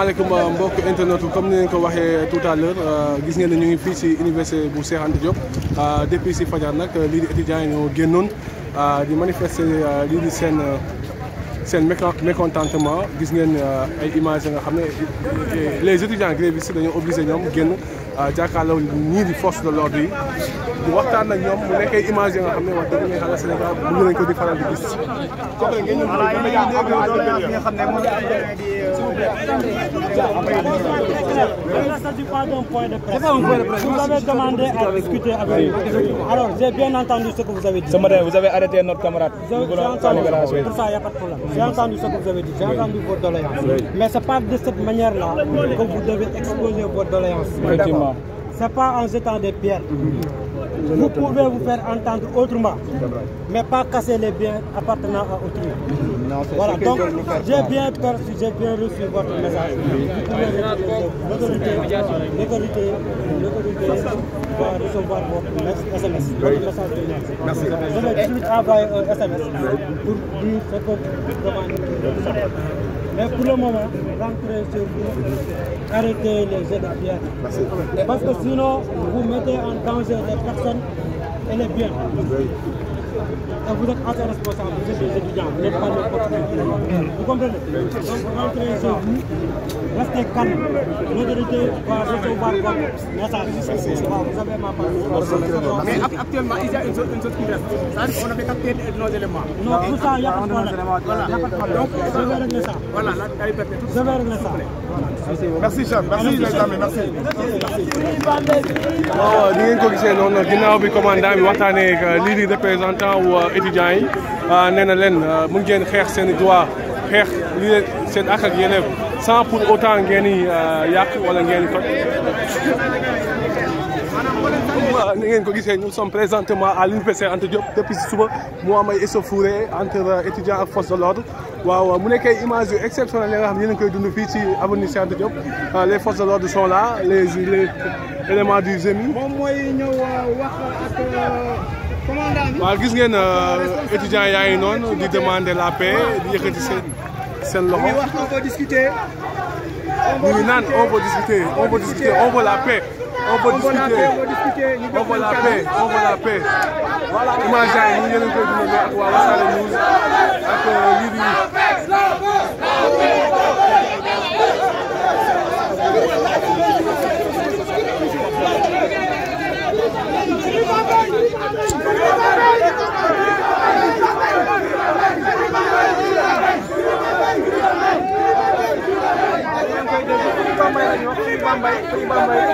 maaleykum euh, mbokk internet comme ni ngeen ko waxee tout à l'heure euh, gis ngeen ne ñu ngi fii si université bu Cheikh Anta Diop euh, depuis si fajar nag lii di étudiants yi ñoo génnoon di manifester lii di seen seen mécontentement gis ngeen euh, ay images yi nga xam ne les étudiants grévistes dañoo obligé ñoom génn euh, jàkkaarloo ñii di force de l'ordre yi bu waxtaan ak ñoom mu nekk ay images yi nga xam ne wax dëgg yàlla Sénégal bëgg nañ ko di faral di gis. kooku rek ngeen ñëw dama dégg nga xam ne moom Il ne s'agit pas d'un point de presse. Vous avez demandé à discuter avec nous. Alors, j'ai bien entendu ce que vous avez dit. Ce matin, vous avez arrêté notre camarade. J'ai entendu. Pour ça, il n'y a pas de problème. j'ai entendu ce que vous avez dit, j'ai entendu vos doléances. Oui. Mais ce n'est pas de cette manière-là que vous devez exposer vos doléances. C'est pas en jetant des pierres. Mm -hmm. vous pouvez vous faire entendre autrement, mais pas casser les biens appartenant à autrui. voilà, donc j'ai bien perçu, j'ai bien reçu votre message. L'autorité, l'autorité, l'autorité va recevoir votre SMS. Votre message de Merci. Je vais tout envoyer un SMS pour dire ce que vous demandez. Mais pour le moment, rentrez chez vous, arrêtez les jets de Parce que sinon, vous mettez en danger les personnes et les biens. vous êtes assez responsable, vous êtes des étudiants, vous n'êtes pas des Vous comprenez Donc rentrez chez vous, et quand l'autorité va recevoir votre message. Mais actuellement, il y a une chose, une chose qui reste. C'est-à-dire qu'on avait capté nos éléments. Non, tout ça, il n'y a pas de problème. Voilà. Donc, je vais régler ça. Voilà, la liberté. Je vais régler ça. Merci, chef. Merci, les amis. Merci. waaw ni ngeen ko gisee noonu ginnaaw bi commandant bi waxtaanee ak euh, lii di représentant wu euh, étudiants yi euh, nee na leen mun ngeen xeex seen droit xeex lii seen ak ak yeneen. sans pour autant ngeen di euh, yàq wala ngeen di toj ngeen ko gisee nous sommes présentement à l'université Anta Diop depuis si suba mu am ay échauffourée entre euh, étudiants ak force de l'ordre waaw mu nekkee image yu exceptionnelle yi nga xam ne yéen koy dund fii ci avenue ni se Diop euh, le forces de l'ordre sont là les les éléments du GMI. moom mooy ñëw wax ak. gis ngeen étudiants yaa ngi noonu di demander la paix di seen loxo oui wax on veut discuter. ñu on veut discuter on veut discuter on veut discuter on veut la paix on veut la paix. voilà image yi ñu ngi leen koy ak waa Wassare News euh, Bambay, Bambay.